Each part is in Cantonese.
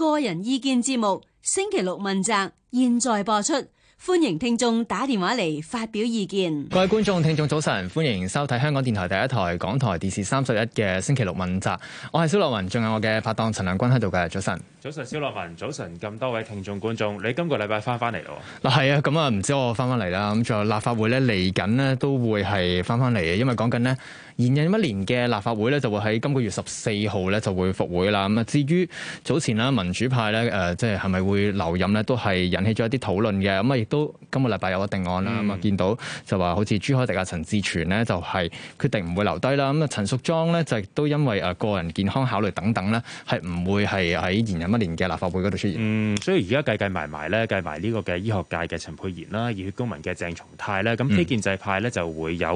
個人意見節目星期六問責，現在播出，歡迎聽眾打電話嚟發表意見。各位觀眾、聽眾早晨，歡迎收睇香港電台第一台、港台電視三十一嘅星期六問責。我係蕭樂文，仲有我嘅拍檔陳亮君喺度嘅，早晨。早晨，蕭樂文早晨，咁多位聽眾觀眾，你今個禮拜翻翻嚟咯？嗱，係啊，咁啊，唔知我翻翻嚟啦。咁仲有立法會咧，嚟緊呢都會係翻翻嚟，因為講緊呢。延任一年嘅立法會咧，就會喺今個月十四號咧就會復會啦。咁啊，至於早前啦民主派咧，誒即係係咪會留任咧，都係引起咗一啲討論嘅。咁啊，亦都今個禮拜有個定案啦。咁啊、嗯，見到就話好似朱凱廸啊、陳志全咧，就係決定唔會留低啦。咁啊，陳淑莊咧就亦都因為誒個人健康考慮等等咧，係唔會係喺延任一年嘅立法會嗰度出現。嗯，所以而家計計埋埋咧，計埋呢個嘅醫學界嘅陳沛然啦、熱血公民嘅鄭松泰咧，咁非建制派咧就會有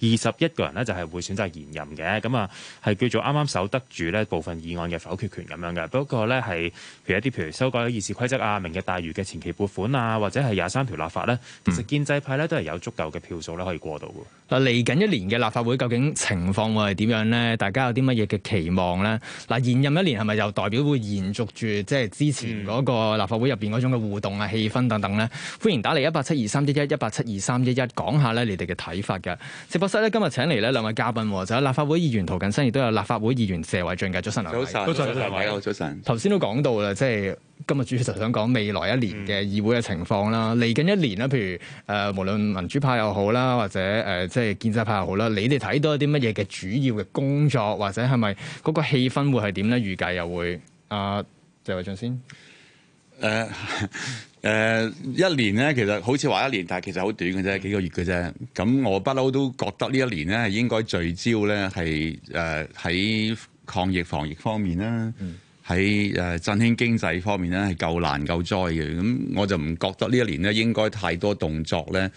二十一個人咧，就係會選擇延任嘅。咁啊，係叫做啱啱守得住呢部分議案嘅否決權咁樣嘅，不過呢，係譬如一啲譬如修改議事規則啊、明日大嶼嘅前期撥款啊，或者係廿三條立法呢，其實建制派呢都係有足夠嘅票數呢可以過到㗎。嗱、嗯，嚟緊一年嘅立法會究竟情況會係點樣呢？大家有啲乜嘢嘅期望呢？嗱，延任一年係咪又代表會延續住即係之前嗰個立法會入邊嗰種嘅互動啊、氣氛等等呢？嗯、歡迎打嚟一八七二三一一一八七二三一一，講下呢你哋嘅睇法㗎。直播室呢，今日請嚟呢兩位嘉就有立法會議員涂謹申，亦都有立法會議員謝偉俊嘅早晨。流。好曬，多謝早晨。頭先都講到啦，即、就、係、是、今日主要就想講未來一年嘅議會嘅情況啦。嚟緊、嗯、一年啦，譬如誒、呃，無論民主派又好啦，或者誒，即、呃、係、就是、建制派又好啦，你哋睇到一啲乜嘢嘅主要嘅工作，或者係咪嗰個氣氛會係點咧？預計又會？阿、呃、謝偉俊先。誒、呃。 誒、呃、一年咧，其實好似話一年，但係其實好短嘅啫，幾個月嘅啫。咁我不嬲都覺得呢一年咧，係應該聚焦咧，係誒喺抗疫防疫方面啦，喺誒、呃、振興經濟方面咧，係夠難夠災嘅。咁我就唔覺得呢一年咧應該太多動作咧，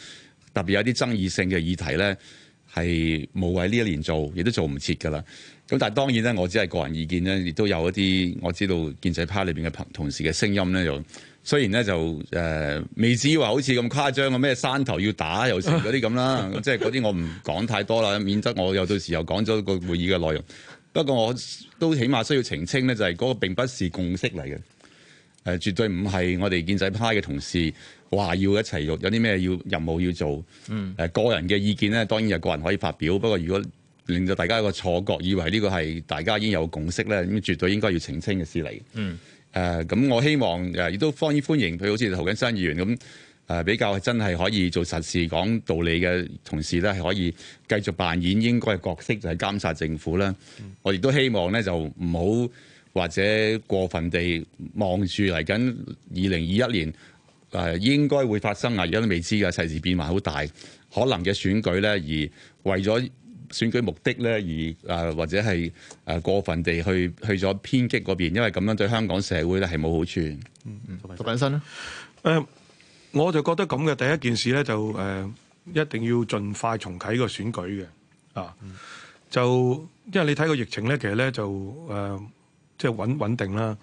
特別有啲爭議性嘅議題咧，係冇謂呢一年做，亦都做唔切㗎喇。咁但係當然咧，我只係個人意見咧，亦都有一啲我知道建制派裏邊嘅朋同事嘅聲音咧，又。雖然咧就、呃、未至於話好似咁誇張嘅咩山頭要打又成嗰啲咁啦，啊、即係嗰啲我唔講太多啦，免得我又到時候講咗個會議嘅內容。不過我都起碼需要澄清咧，就係嗰個並不是共識嚟嘅，誒、呃、絕對唔係我哋建制派嘅同事話要一齊有，有啲咩要任務要做。嗯、呃，個人嘅意見咧，當然有個人可以發表。不過如果令到大家有個錯覺，以為呢個係大家已經有共識咧，咁絕對應該要澄清嘅事嚟。嗯。誒咁、呃、我希望誒亦都方於歡迎佢，好似涂謹申議員咁誒、呃、比較真係可以做實事講道理嘅同事咧，係可以繼續扮演應該嘅角色，就係、是、監察政府啦。我亦都希望咧就唔好或者過分地望住嚟緊二零二一年誒、呃、應該會發生啊，而家都未知嘅世事變化好大，可能嘅選舉咧而為咗。選舉目的咧，而啊或者係誒過分地去去咗偏激嗰邊，因為咁樣對香港社會咧係冇好處。嗯嗯，涂謹申咧，誒我就覺得咁嘅第一件事咧，就誒一定要盡快重啟個選舉嘅啊。就因為你睇個疫情咧，其實咧就誒即係穩穩定啦。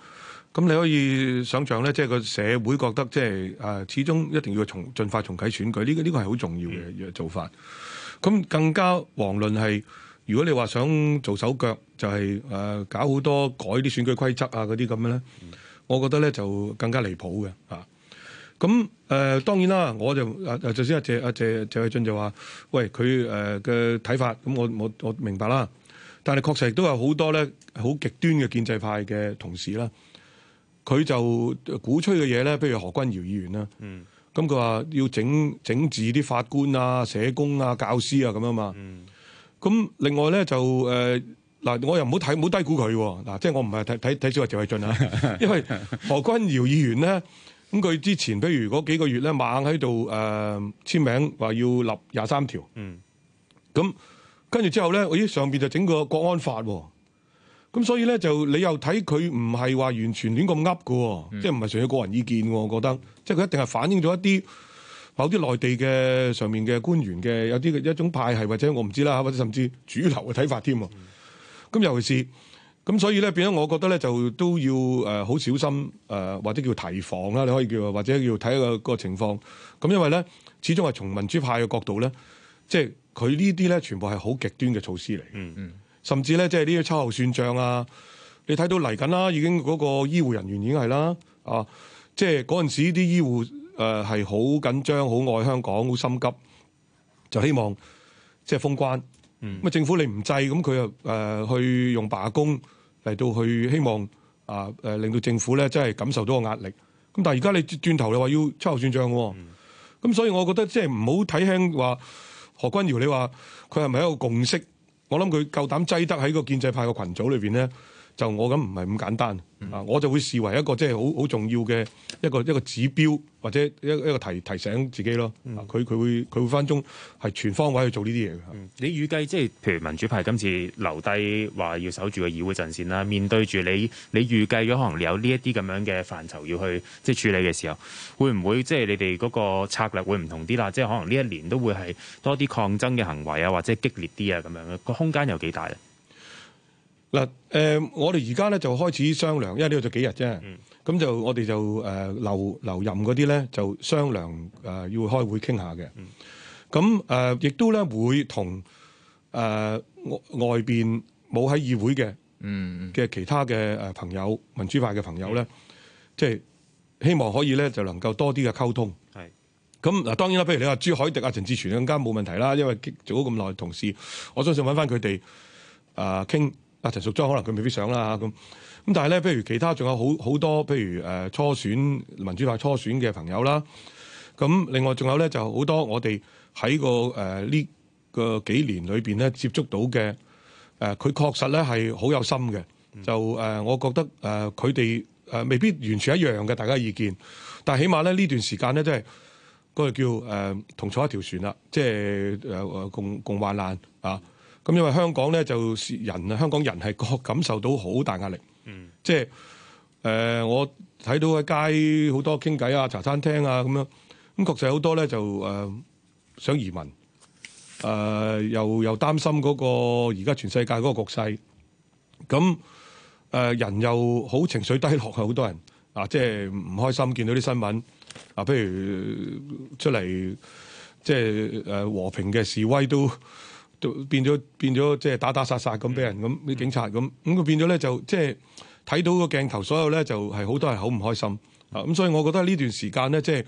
咁你可以想像咧，即係個社會覺得即係啊，始終一定要從盡快重啟選舉，呢個呢個係好重要嘅做法。咁更加遑論係，如果你話想做手腳，就係、是、誒、呃、搞好多改啲選舉規則啊嗰啲咁嘅咧，我覺得咧就更加離譜嘅啊！咁、呃、誒，當然啦，我就誒，頭先阿謝阿謝謝偉俊就話，喂佢誒嘅睇法，咁我我我明白啦，但係確實亦都有好多咧好極端嘅建制派嘅同事啦，佢就鼓吹嘅嘢咧，譬如何君堯議員啦。嗯咁佢話要整整治啲法官啊、社工啊、教師啊咁啊嘛。咁、嗯、另外咧就誒嗱、呃，我又唔好睇，唔好低估佢嗱、啊，即係我唔係睇睇睇小阿趙慧俊啊， 因為何君堯議員咧，咁佢之前譬如嗰幾個月咧猛喺度誒簽名，話要立廿三條。咁跟住之後咧，咦上邊就整個國安法啊。咁所以咧就你又睇佢唔係話完全亂咁噏㗎，嗯、即係唔係純粹個人意見，我覺得即係佢一定係反映咗一啲某啲內地嘅上面嘅官員嘅有啲一種派系或者我唔知啦，或者甚至主流嘅睇法添。咁、嗯、尤其是咁所以咧，變咗我覺得咧就都要誒好、呃、小心誒、呃、或者叫提防啦，你可以叫或者叫睇一個個情況。咁因為咧始終係從民主派嘅角度咧，即係佢呢啲咧全部係好極端嘅措施嚟。嗯嗯。甚至咧，即係呢啲秋後算帳啊！你睇到嚟緊啦，已經嗰個醫護人員已經係啦，啊，即係嗰陣時啲醫護係好、呃、緊張、好愛香港、好心急，就希望即係、就是、封關。咁啊、嗯，政府你唔制，咁佢又去用罷工嚟到去希望啊、呃、令到政府咧真係感受到個壓力。咁但係而家你轉頭你話要秋後算帳、啊，咁、嗯、所以我覺得即係唔好睇輕話何君堯你話佢係咪一個共識？我諗佢夠膽擠得喺個建制派嘅群組裏邊咧。就我咁唔係咁簡單啊！嗯、我就會視為一個即係好好重要嘅一個一個指標，或者一個一個提提醒自己咯。佢佢、嗯、會佢會翻中係全方位去做呢啲嘢嘅。你預計即係譬如民主派今次留低話要守住個議會陣線啦，面對住你你預計咗可能你有呢一啲咁樣嘅範疇要去即係處理嘅時候，會唔會即係、就是、你哋嗰個策略會唔同啲啦？即係可能呢一年都會係多啲抗爭嘅行為啊，或者激烈啲啊咁樣，個空間有幾大啊？嗱，誒、呃，我哋而家咧就開始商量，因為呢度就幾日啫，咁、嗯、就我哋就誒、呃、留留任嗰啲咧就商量誒、呃、要開會傾下嘅，咁誒亦都咧會同誒、呃、外邊冇喺議會嘅，嘅、嗯嗯、其他嘅誒朋友，民主派嘅朋友咧，即係、嗯、希望可以咧就能夠多啲嘅溝通，係咁嗱。當然啦，譬如你話朱凱迪啊、陳志全更加冇問題啦，因為做咗咁耐同事，我相信揾翻佢哋誒傾。呃啊，陳淑莊可能佢未必想啦，咁咁，但係咧，譬如其他仲有好好多，譬如誒初選民主派初選嘅朋友啦，咁另外仲有咧就好多我哋喺個誒呢個幾年裏邊咧接觸到嘅誒，佢確實咧係好有心嘅，就誒、嗯，我覺得誒佢哋誒未必完全一樣嘅大家意見，但係起碼咧呢段時間咧，即係嗰個叫誒同坐一條船啦，即係誒共共患難啊！咁因為香港咧，就人啊，香港人係覺感受到好大壓力。嗯，即係誒、呃，我睇到喺街好多傾偈啊，茶餐廳啊咁樣，咁確實好多咧就誒、呃、想移民，誒、呃、又又擔心嗰個而家全世界嗰個局勢。咁誒、呃、人又好情緒低落，好多人啊，即係唔開心，見到啲新聞啊，譬如出嚟即係誒和平嘅示威都。變變就變咗變咗，即係打打殺殺咁俾人咁啲、嗯、警察咁，咁佢變咗咧就即係睇到個鏡頭，所有咧就係、是、好多人好唔開心啊！咁、嗯、所以我覺得呢段時間咧，即、就、係、是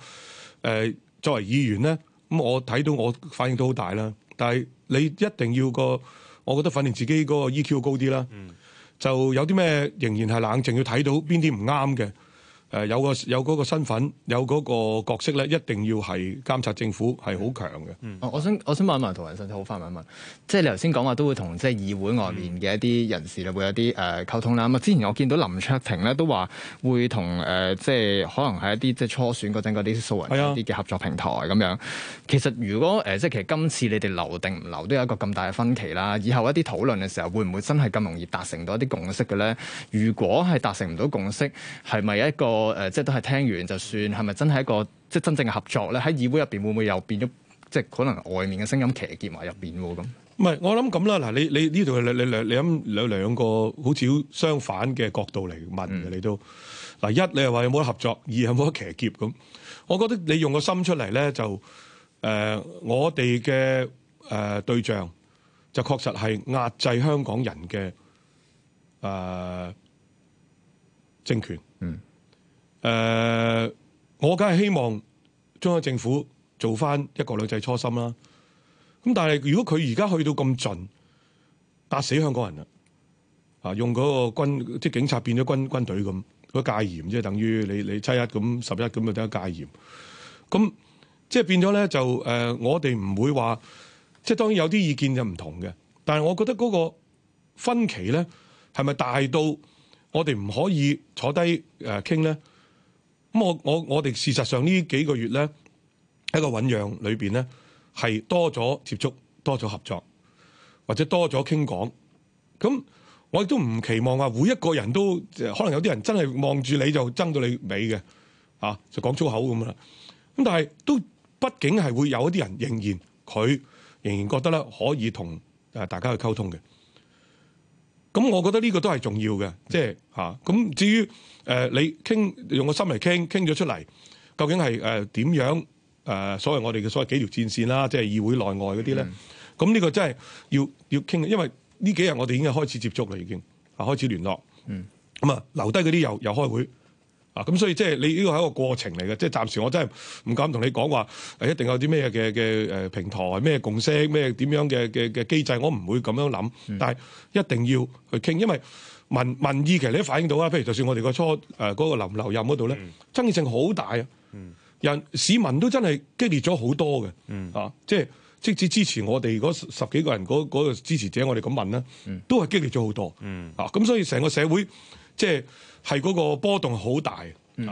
呃、作為議員咧，咁我睇到我反應都好大啦。但係你一定要個，我覺得訓練自己嗰個 EQ 高啲啦。嗯、就有啲咩仍然係冷靜，要睇到邊啲唔啱嘅。誒、呃、有個有嗰身份有嗰個角色咧，一定要係監察政府係好強嘅、嗯啊。我想我想問一問涂謹申，好快問一問，即係你頭先講話都會同即係議會外面嘅一啲人士咧、嗯、會有啲誒溝通啦。咁啊，之前我見到林卓廷咧都話會同誒、呃、即係可能係一啲即係初選嗰陣嗰啲素人有啲嘅合作平台咁樣。其實如果誒即係其實今次你哋留定唔留都有一個咁大嘅分歧啦。以後一啲討論嘅時候，會唔會真係咁容易達成到一啲共識嘅咧？如果係達成唔到共識，係咪一個？誒，即係都係聽完就算，係咪真係一個即係真正嘅合作咧？喺議會入邊會唔會又變咗，即係可能外面嘅聲音騎劫埋入邊咁？唔係，我諗咁啦，嗱，你你呢度你你你諗有兩個好似相反嘅角度嚟問、嗯、你都嗱一，你又話有冇得合作；二有冇得騎劫咁。我覺得你用個心出嚟咧，就誒、呃，我哋嘅誒對象就確實係壓制香港人嘅誒、呃、政權。誒、呃，我梗係希望中央政府做翻一國兩制初心啦。咁但係，如果佢而家去到咁盡，打死香港人啦，啊，用嗰個軍即係警察變咗軍軍隊咁，嗰戒嚴即係等於你你七一咁十一咁啊，得個戒嚴。咁即係變咗咧，就誒、呃，我哋唔會話即係當然有啲意見就唔同嘅，但係我覺得嗰個分歧咧係咪大到我哋唔可以坐低誒傾咧？呃咁我我我哋事實上呢幾個月咧，喺個醞釀裏邊咧，係多咗接觸，多咗合作，或者多咗傾講。咁我亦都唔期望話，每一個人都，可能有啲人真係望住你就憎到你尾嘅，啊，就講粗口咁啦。咁但係都畢竟係會有一啲人仍然佢仍然覺得咧可以同誒大家去溝通嘅。咁我覺得呢個都係重要嘅，即係嚇。咁、啊、至於。呃、你用個心嚟傾傾咗出嚟，究竟係誒點樣，呃、所謂我哋嘅所謂幾條戰線啦，啊，即係議會內外嗰啲咧。咁呢、mm. 嗯，呢個真係要要傾，因為呢幾日我哋已經開始接觸啦，已經啊開始聯絡。Mm. 嗯，咁啊留低嗰啲又又開會。啊，咁所以即係你呢個係一個過程嚟嘅，即係暫時我真係唔敢同你講話係一定有啲咩嘅嘅誒平台咩共識咩點樣嘅嘅嘅機制，我唔會咁樣諗。嗯、但係一定要去傾，因為民民意其實你都反映到啦。譬如就算我哋、呃嗰個初誒嗰個留任嗰度咧，爭議性好大啊！人市民都真係激烈咗好多嘅嚇，嗯、即係即使支持我哋嗰十幾個人嗰個支持者，我哋咁問啦，都係激烈咗好多嚇。咁、嗯、所以成個社會即係。係嗰個波動好大，嗯，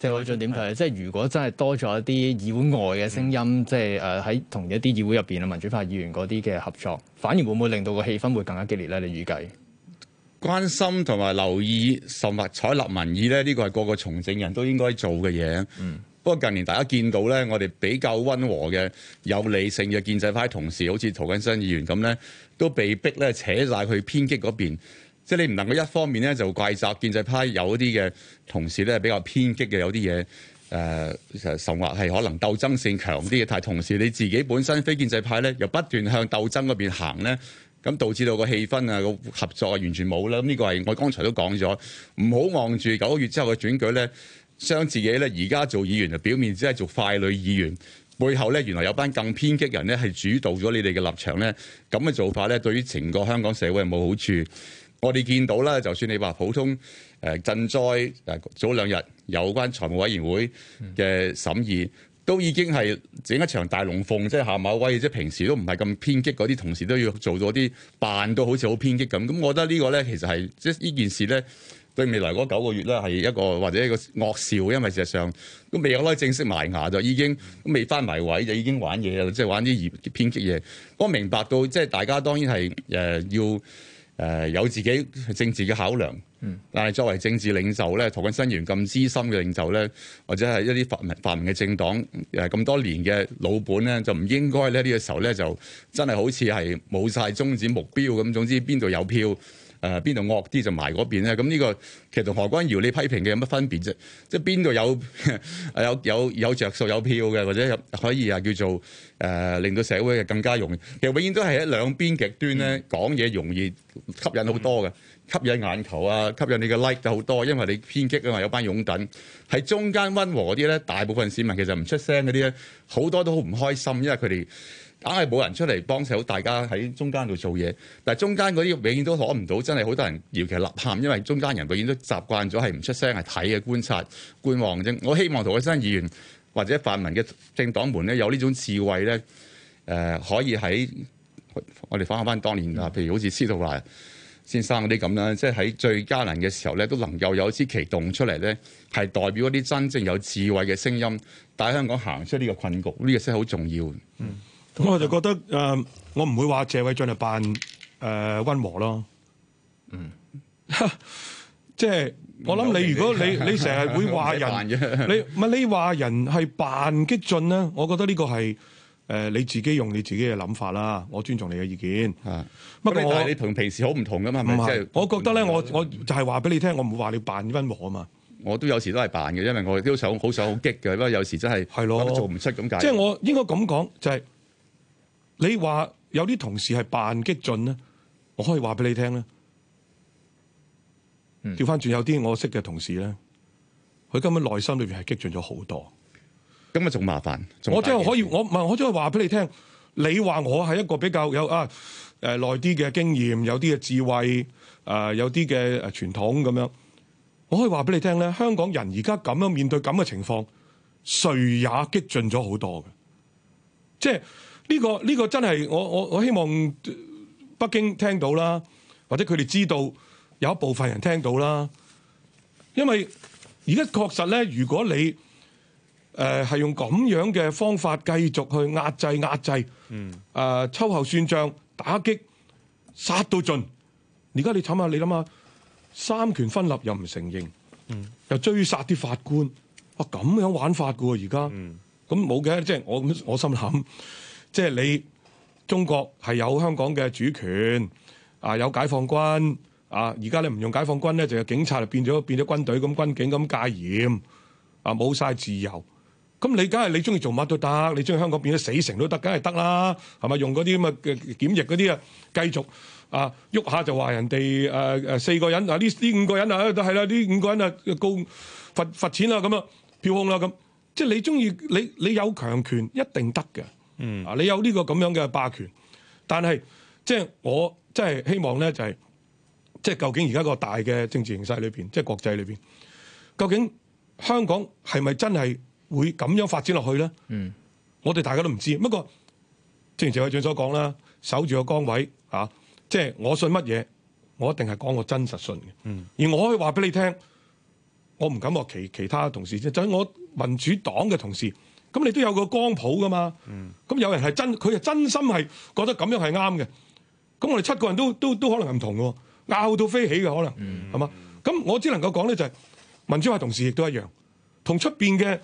謝偉俊點睇？即係如果真係多咗一啲議會外嘅聲音，嗯、即係誒喺同一啲議會入邊嘅民主派議員嗰啲嘅合作，反而會唔會令到個氣氛會更加激烈咧？你預計？關心同埋留意，甚至採納民意咧，呢個係個個從政人都應該做嘅嘢。嗯，不過近年大家見到咧，我哋比較温和嘅、有理性嘅建制派的同事，好似涂謹申議員咁咧，都被逼咧扯晒去偏激嗰邊。即係你唔能夠一方面咧，就怪責建制派有一啲嘅同事咧，比較偏激嘅，有啲嘢，誒，甚至話係可能鬥爭性強啲嘅。但係同時你自己本身非建制派咧又不斷向鬥爭嗰邊行咧，咁導致到個氣氛啊，個合作啊，完全冇啦。咁呢個係我剛才都講咗，唔好望住九個月之後嘅選舉咧，將自己咧而家做議員就表面只係做傀儡議員，背後咧原來有班更偏激人咧係主導咗你哋嘅立場咧，咁嘅做法咧對於成個香港社會有冇好處？我哋見到啦，就算你話普通誒，賑、呃、災、呃、早兩日有關財務委員會嘅審議，嗯、都已經係整一場大龍鳳，即、就、係、是、下馬威。即係平時都唔係咁偏激，嗰啲同事都要做到啲扮到好似好偏激咁。咁我覺得個呢個咧，其實係即係呢件事咧，對未來嗰九個月咧係一個或者一個惡兆，因為事實上都未有拉正式埋牙就已經未翻埋位就已經玩嘢啦，即係玩啲偏激嘢。我明白到即係大家當然係誒、呃、要。誒、呃、有自己政治嘅考量，但係作為政治領袖咧，涂謹申咁資深嘅領袖咧，或者係一啲發明發明嘅政黨，咁、呃、多年嘅老本咧，就唔應該咧呢、這個時候咧就真係好似係冇晒終止目標咁。總之邊度有票？誒、呃、邊度惡啲就埋嗰邊咧？咁呢個其實同何君堯你批評嘅有乜分別啫？即係邊度有有有有著數有票嘅，或者可以啊叫做誒、呃、令到社會更加容易。其實永遠都係喺兩邊極端咧講嘢容易吸引好多嘅，吸引眼球啊，吸引你嘅 like 就好多，因為你偏激啊嘛，有班擁躉。喺中間溫和啲咧，大部分市民其實唔出聲嗰啲咧，好多都好唔開心，因為佢哋。硬係冇人出嚟幫手，大家喺中間度做嘢，但係中間嗰啲永遠都攞唔到，真係好多人尤其立喊，因為中間人永遠都習慣咗係唔出聲，係睇嘅觀察觀望啫。我希望同灣新議員或者泛民嘅政黨們咧，有呢種智慧咧、呃，可以喺我哋反下翻當年啊，譬如好似司徒華先生嗰啲咁樣，即係喺最艱難嘅時候咧，都能夠有一支旗動出嚟咧，係代表嗰啲真正有智慧嘅聲音，帶香港行出呢個困局，呢、呢個先係好重要。嗯。我就覺得誒、呃，我唔會話謝偉俊係扮誒温和咯。嗯， 即係我諗你，如果你你成日會話人，嘅你唔係你話人係扮激進咧，我覺得呢個係誒、呃、你自己用你自己嘅諗法啦。我尊重你嘅意見。啊、嗯，不過你同平時好唔同噶嘛，係。是我覺得咧，我我就係話俾你聽，我唔會話你扮溫和啊嘛。我都有時都係扮嘅，因為我都好想好想好激嘅，不過有時真係係咯，做唔出咁解。即係我應該咁講，就係、是。你話有啲同事係扮激進咧，我可以話俾你聽咧。調翻轉有啲我識嘅同事咧，佢今日內心裏邊係激進咗好多，咁啊仲麻煩。麻煩我真係可以，我唔係我真係話俾你聽。你話我係一個比較有啊誒耐啲嘅經驗，有啲嘅智慧，誒、呃、有啲嘅誒傳統咁樣，我可以話俾你聽咧。香港人而家咁樣面對咁嘅情況，誰也激進咗好多嘅，即係。呢、這個呢、這個真係我我我希望北京聽到啦，或者佢哋知道有一部分人聽到啦。因為而家確實咧，如果你誒係、呃、用咁樣嘅方法繼續去壓制壓制，嗯，誒、呃、秋後算賬、打擊殺到盡。而家你諗下你諗下，三權分立又唔承認，嗯，又追殺啲法官，哇、啊！咁樣玩法㗎喎、啊，而家，嗯，咁冇嘅，即、就、係、是、我我心諗。即係你中國係有香港嘅主權啊，有解放軍啊。而家你唔用解放軍咧，就有警察就變咗變咗軍隊咁軍警咁戒嚴啊，冇晒自由。咁你梗係你中意做乜都得，你中意香港變咗死城都得，梗係得啦，係咪用嗰啲咁嘅檢疫嗰啲啊？繼續啊，喐下就話人哋誒誒四個人啊，呢呢五個人啊都係啦，呢五個人啊，告罰罰錢啦咁啊，票控啦咁。即係你中意你你有強權一定得嘅。嗯，啊，你有呢個咁樣嘅霸權，但係即係我真係希望咧，就係即係究竟而家個大嘅政治形勢裏邊，即係國際裏邊，究竟香港係咪真係會咁樣發展落去咧？嗯，我哋大家都唔知，不過正如謝偉俊所講啦，守住個崗位啊，即係我信乜嘢，我一定係講個真實信嘅。嗯，而我可以話俾你聽，我唔敢話其其他同事，即係我民主黨嘅同事。咁你都有個光譜噶嘛？咁有人係真，佢係真心係覺得咁樣係啱嘅。咁我哋七個人都都都可能係唔同喎，拗到飛起嘅可能係嘛？咁、嗯、我只能夠講咧就係、是、民主派同事亦都一樣，同出面嘅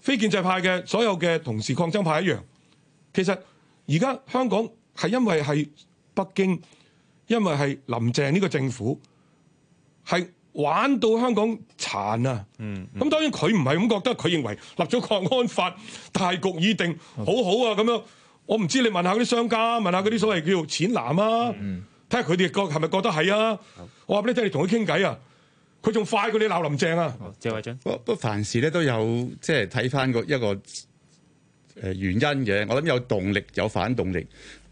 非建制派嘅所有嘅同事抗爭派一樣。其實而家香港係因為係北京，因為係林鄭呢個政府係，玩到香港殘啊！咁、嗯嗯、當然佢唔係咁覺得，佢認為立咗國安法大局已定，好好啊咁，Okay. 樣。我唔知你問下嗰啲商家，問下嗰啲所謂叫淺藍啊，睇下佢哋覺係咪覺得係啊？好我話俾你聽，你同佢傾偈啊，佢仲快過你鬧林鄭啊！謝偉俊，不不過，凡事咧都有即係睇翻個一個誒、呃、原因嘅，我諗有動力，有反動力。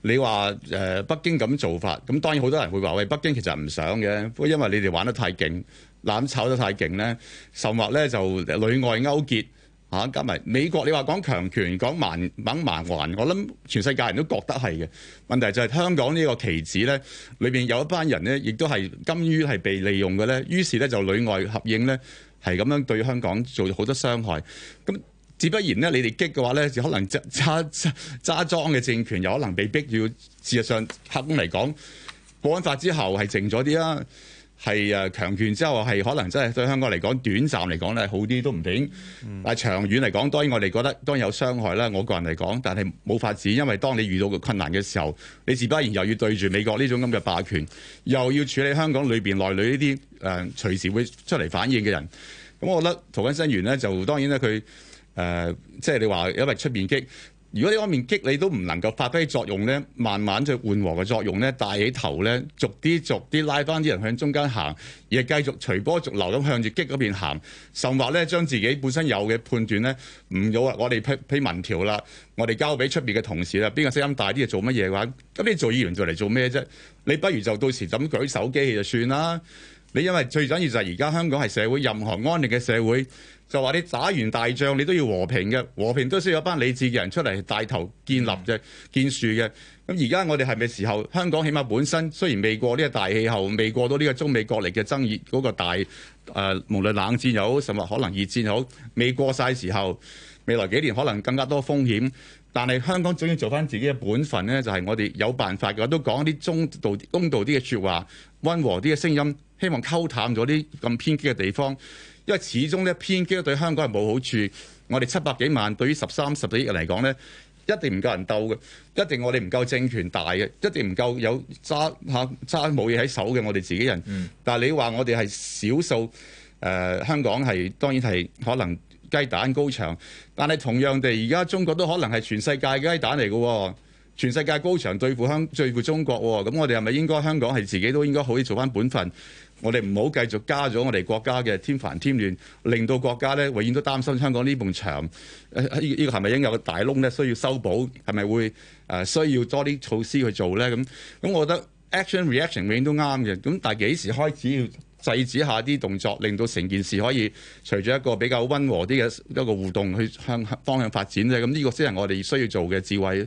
你話誒北京咁做法，咁當然好多人會話喂，北京其實唔想嘅，不過因為你哋玩得太勁，攬炒得太勁咧，甚或咧就裏外勾結嚇、啊、加埋美國你說講強權，你話講強權講蠻蠻橫，我諗全世界人都覺得係嘅。問題就係香港呢個棋子咧，裏邊有一班人咧，亦都係甘於係被利用嘅咧，於是咧就裏外合應咧，係咁樣對香港做咗好多傷害咁。自不然咧，你哋激嘅話咧，就可能揸揸揸莊嘅政權，有可能被逼要。事實上，客觀嚟講，國安法之後係靜咗啲啦，係誒、呃、強權之後係可能真係對香港嚟講短暫嚟講咧好啲都唔定，嗯、但係長遠嚟講當然我哋覺得當然有傷害啦。我個人嚟講，但係冇法子，因為當你遇到個困難嘅時候，你自不然又要對住美國呢種咁嘅霸權，又要處理香港裏邊內裏呢啲誒隨時會出嚟反應嘅人。咁、嗯、我覺得涂謹申源咧就當然咧佢。他誒，即係你話，就是、說因為出面激，如果呢方面激你都唔能夠發揮作用咧，慢慢就緩和嘅作用咧，帶起頭咧，逐啲逐啲拉返啲人向中間行，而繼續隨波逐流咁向住激嗰邊行，甚或咧將自己本身有嘅判斷咧，唔要話我哋批批文條啦，我哋交俾出面嘅同事啦，邊個聲音大啲就做乜嘢嘅話，咁你做議員就嚟做咩啫？你不如就到時咁舉手機器就算啦。你因為最緊要就係而家香港係社會任何安定嘅社會。就話你打完大仗，你都要和平嘅，和平都需要一班理智嘅人出嚟帶頭建立嘅，建樹嘅。咁而家我哋係咪時候香港？起碼本身雖然未過呢個大氣候，未過到呢個中美國力嘅爭議嗰、嗰個大誒、呃，無論冷戰又好，甚至可能熱戰又好，未過晒時候，未來幾年可能更加多風險。但係香港總要做翻自己嘅本分呢，就係、是、我哋有辦法嘅，都講啲中道、公道啲嘅説話，溫和啲嘅聲音，希望溝淡咗啲咁偏激嘅地方。因為始終呢偏激對香港係冇好處，我哋七百幾萬對於十三十幾億人嚟講呢一定唔夠人鬥嘅，一定我哋唔夠政權大嘅，一定唔夠有揸嚇揸冇嘢，喺手嘅我哋自己人。嗯、但係你話我哋係少數誒，香港係當然係可能雞蛋高牆，但係同樣地而家中國都可能係全世界嘅雞蛋嚟噶、哦。全世界高牆對付香，對付中國咁，我哋係咪應該香港係自己都應該可以做翻本分？我哋唔好繼續加咗我哋國家嘅添煩添亂，令到國家咧永遠都擔心香港呢埲牆呢個係咪應該有個大窿咧？需要修補係咪會誒、呃、需要多啲措施去做咧？咁、嗯、咁、嗯，我覺得 action reaction 永遠都啱嘅。咁但係幾時開始要制止一下啲動作，令到成件事可以隨住一個比較溫和啲嘅一個互動去向方向發展咧？咁、嗯、呢、這個先係我哋需要做嘅智慧。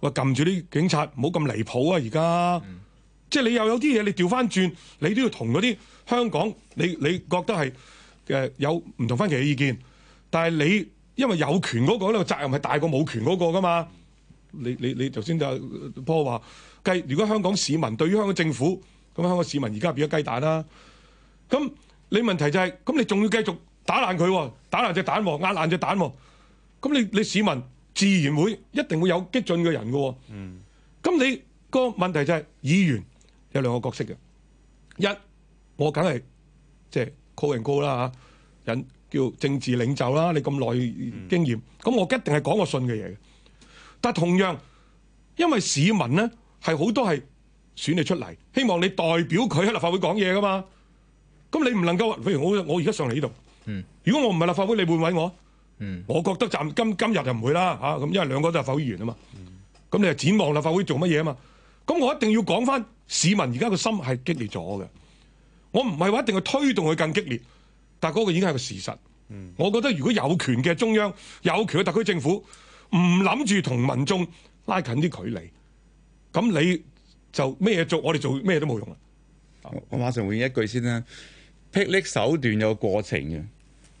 話撳住啲警察，唔好咁離譜啊！而家、嗯、即係你又有啲嘢，你調翻轉，你都要同嗰啲香港，你你覺得係、呃、有唔同分歧嘅意見，但係你因為有權嗰、那個個責任係大過冇權嗰個噶嘛？你你你頭先就波話，計如果香港市民對於香港政府，咁香港市民而家變咗雞蛋啦、啊。咁你問題就係、是，咁你仲要繼續打爛佢喎、啊，打爛隻蛋喎、啊，壓爛隻蛋喎、啊。咁你你市民？自然會一定會有激進嘅人嘅，咁你個問題就係議員有兩個角色嘅，一我梗係即係 call and call 啦嚇，人叫政治領袖啦，你咁耐經驗，咁我一定係講我信嘅嘢。但係同樣，因為市民咧係好多係選你出嚟，希望你代表佢喺立法會講嘢噶嘛，咁你唔能夠，譬如我我而家上嚟呢度，如果我唔係立法會，你會唔會揾我？嗯，我覺得暫今今日就唔會啦嚇，咁、啊、因為兩個都係法會議員啊嘛。咁、嗯、你就展望立法會做乜嘢啊嘛？咁我一定要講翻市民而家個心係激烈咗嘅。我唔係話一定要推動佢更激烈，但係嗰個已經係一個事實。嗯、我覺得如果有權嘅中央、有權嘅特區政府唔諗住同民眾拉近啲距離，咁你就咩嘢做，我哋做咩都冇用啦。我我馬上回應一句先啦，霹靂手段有個過程嘅。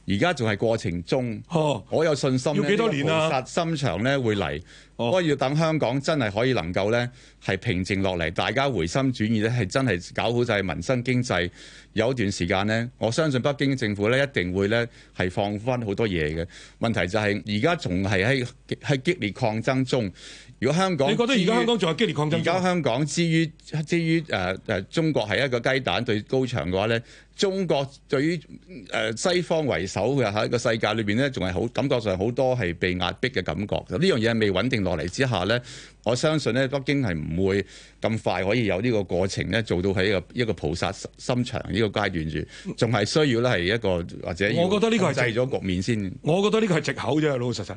而家仲係過程中，哈我有信心呢要幾多年、啊、心呢啲鐵石心腸咧會嚟。我話哈要等香港真係可以能夠咧係平靜落嚟，大家回心轉意咧係真係搞好就係民生經濟。有一段時間咧，我相信北京政府咧一定會咧係放翻好多嘢嘅。問題就係而家仲係喺喺激烈抗爭中。如果香港，你覺得而家香港仲有激烈抗爭？而家香港至於至於誒誒、呃、中國係一個雞蛋對高牆嘅話咧，中國對於誒、呃、西方為首嘅喺一個世界裏邊咧，仲係好感覺上好多係被壓迫嘅感覺。呢樣嘢係未穩定落嚟之下咧，我相信咧北京係唔會咁快可以有呢個過程咧做到喺一個一個菩薩心心腸呢個階段住，仲係需要咧係一個或者要我覺得呢個係制咗局面先。我覺得呢個係藉口啫，老老實實。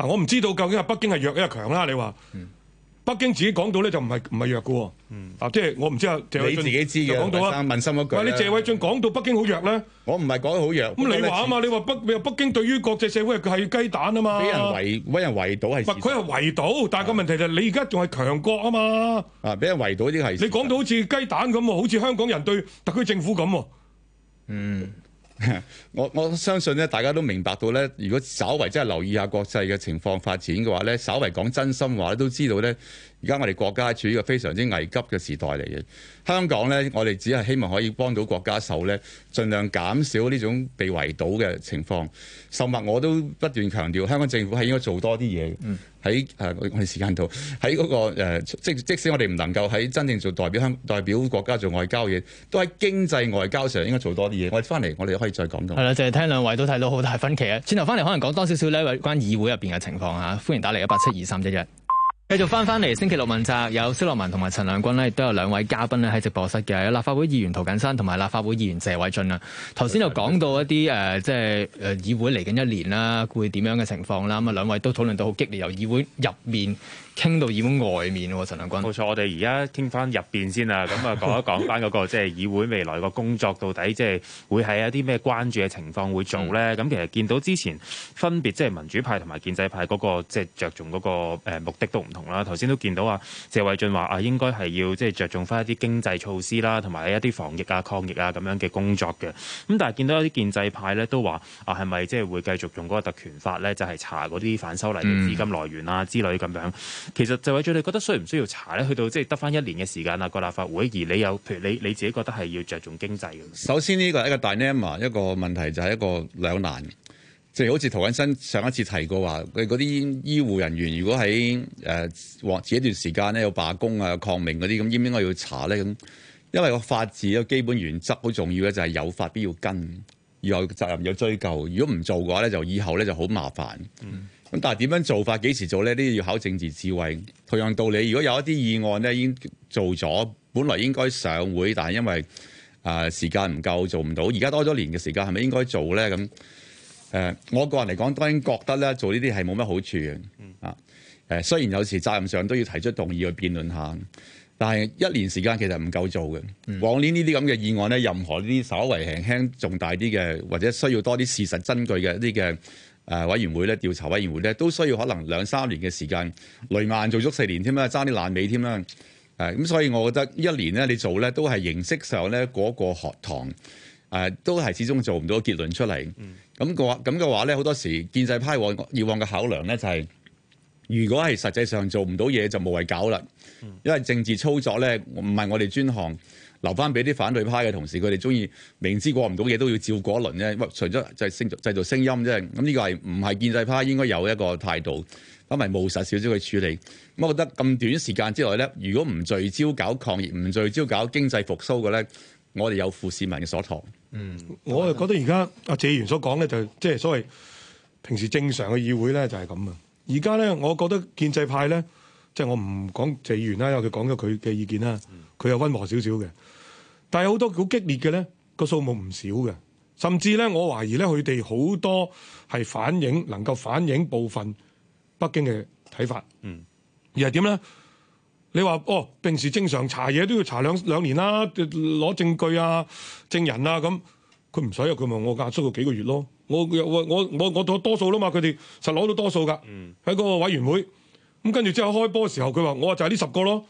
嗱，我唔知道究竟係北京係弱抑係強啦。你話，嗯、北京自己講到咧就唔係唔係弱嘅喎。啊、嗯，即係我唔知啊。就你自己知嘅。講到啊，問心一句。你謝偉俊講到北京好弱咧，我唔係講得好弱。咁你話啊嘛？你話北北京對於國際社會係雞蛋啊嘛？俾人圍，俾人圍到係。佢係圍到，但係個問題就係你而家仲係強國啊嘛。啊，俾人圍到啲係。你講到好似雞蛋咁喎，好似香港人對特區政府咁喎。嗯。 我我相信咧，大家都明白到咧。如果稍微即係留意下國際嘅情況發展嘅話咧，稍微講真心話咧，都知道咧。而家我哋國家處於一個非常之危急嘅時代嚟嘅，香港咧，我哋只係希望可以幫到國家手咧，盡量減少呢種被圍堵嘅情況。甚麼我都不斷強調，香港政府係應該做多啲嘢。喺誒、嗯呃、我哋時間度，喺嗰、嗰個、呃、即即使我哋唔能夠喺真正做代表香代表國家做外交嘢，都喺經濟外交上應該做多啲嘢。我哋翻嚟，我哋可以再講咗。係啦，淨係聽兩位都睇到好大分歧啊！轉頭翻嚟，可能講多少少呢？咧，關於議會入邊嘅情況嚇，歡迎打嚟一八七二三一一。繼續翻翻嚟星期六問責有蕭羅和陳良，有蕭若文同埋陳亮君咧，亦都有兩位嘉賓咧喺直播室嘅，有立法會議員涂謹申同埋立法會議員謝偉俊啊，頭先就講到一啲誒，即係誒議會嚟緊一年啦，會點樣嘅情況啦。咁啊，兩位都討論到好激烈，由議會入面。傾到議會外面喎，啊，陳亮君。冇錯，我哋而家傾翻入邊先啊！咁啊，講一講翻嗰個即係議會未來個工作，到底即係會喺一啲咩關注嘅情況會做咧？咁、嗯、其實見到之前分別即係民主派同埋建制派嗰個即係着重嗰個目的都唔同啦。頭先都見到啊，謝偉俊話啊，應該係要即係着重翻一啲經濟措施啦，同埋一啲防疫啊、抗疫啊咁樣嘅工作嘅。咁但係見到一啲建制派咧，都話啊，係咪即係會繼續用嗰個特權法咧，就係查嗰啲反修例嘅資金來源啊之類咁樣。嗯。其實就，偉俊，你覺得需唔需要查咧？去到即係得翻一年嘅時間啊，個立法會，而你有譬如你你自己覺得係要着重經濟嘅。首先呢個係一個 dilemma，一個問題就係一個兩難，即係好似涂謹申上一次提過話，你嗰啲醫護人員如果喺誒或前一段時間咧有罷工啊、抗命嗰啲咁，應唔應該要查咧？咁因為個法治個基本原則好重要咧，就係有法必要跟，有責任要追究。如果唔做嘅話咧，就以後咧就好麻煩。嗯。咁但係點樣做法？幾時做咧？呢啲要考政治智慧。同樣道理，如果有一啲議案咧，已經做咗，本來應該上會，但係因為啊、呃、時間唔夠，做唔到。而家多咗年嘅時間，係咪應該做呢？咁誒、呃，我個人嚟講，當然覺得咧，做呢啲係冇乜好處嘅。啊，誒，雖然有時責任上都要提出動議去辯論下，但係一年時間其實唔夠做嘅。嗯、往年呢啲咁嘅議案咧，任何呢啲稍為輕輕、重大啲嘅，或者需要多啲事實根據嘅一啲嘅。誒、呃、委員會咧，調查委員會咧，都需要可能兩三年嘅時間。雷曼做足四年添啦，爭啲爛尾添啦。誒、呃、咁，所以我覺得一年咧，你做咧都係形式上咧嗰、嗰個學堂誒、呃，都係始終做唔到結論出嚟。咁個咁嘅話咧，好多時建制派以往要往嘅考量咧就係、係，如果係實際上做唔到嘢，就冇謂搞啦，因為政治操作咧唔係我哋專項。留翻俾啲反對派嘅同事，佢哋中意明知過唔到嘢都要照過一輪啫。除咗製聲製造聲音啫，咁呢個係唔係建制派應該有一個態度，咁係務實少少去處理。我覺得咁短時間之內咧，如果唔聚焦搞抗疫，唔聚焦搞經濟復甦嘅咧，我哋有負市民嘅所託。嗯，我係覺得而家阿謝賢所講咧、就係，就即、係、係所謂平時正常嘅議會咧，就係咁啊。而家咧，我覺得建制派咧。即係我唔講謝議員啦，因為佢講咗佢嘅意見啦，佢又溫和少少嘅，但係好多好激烈嘅咧，個數目唔少嘅，甚至咧我懷疑咧佢哋好多係反映能夠反映部分北京嘅睇法，嗯、而係點咧？你話哦，平時正常查嘢都要查兩兩年啦，攞證據啊、證人啊咁，佢唔使啊，佢咪我壓縮個幾個月咯，我我我我多數啦嘛，佢哋實攞到多數噶，喺嗰、嗯、個委員會。咁跟住之後，開波嘅時候，佢話：我話就係呢十個咯，